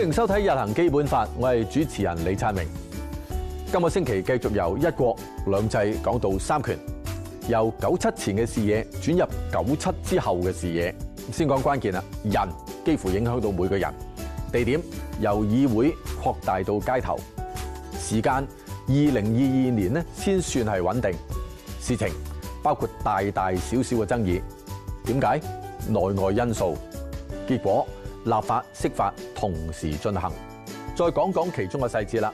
歡迎收睇《日行基本法》，我係主持人李燦明。今個星期繼續由一國兩制講到三權，由九七前嘅視野轉入九七之後嘅視野，先講關鍵啦。人幾乎影響到每個人。地點由議會擴大到街頭。時間二零二二年咧，先算係穩定。事情包括大大小小嘅爭議。點解？內外因素。結果。立法、釋法同時進行，再講講其中嘅細節啦。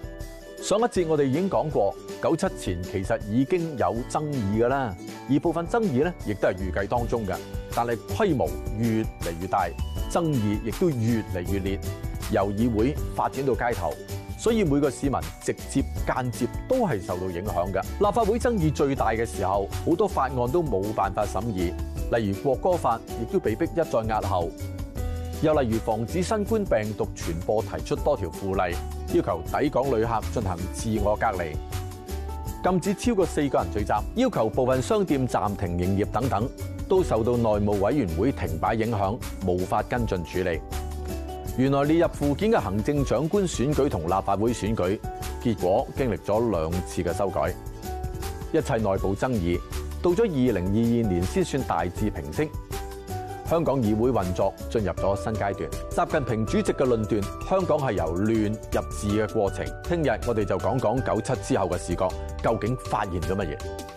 上一節我哋已經講過，九七前其實已經有爭議㗎喇，而部分爭議呢亦都係預計當中嘅。但係規模越嚟越大，爭議亦都越嚟越烈，由議會發展到街頭，所以每個市民直接間接都係受到影響嘅。立法會爭議最大嘅時候，好多法案都冇辦法審議，例如國歌法亦都被逼一再押後。又例如防止新冠病毒傳播，提出多條附例，要求抵港旅客進行自我隔離，禁止超過四個人聚集，要求部分商店暫停營業等等，都受到內務委員會停擺影響，無法跟進處理。原來列入附件嘅行政長官選舉同立法會選舉結果經歷咗兩次嘅修改，一切內部爭議到咗二零二二年先算大致平息。香港議會運作進入咗新階段。習近平主席嘅論斷，香港係由亂入治嘅過程。聽日我哋就講講九七之後嘅視野，究竟發現咗乜嘢？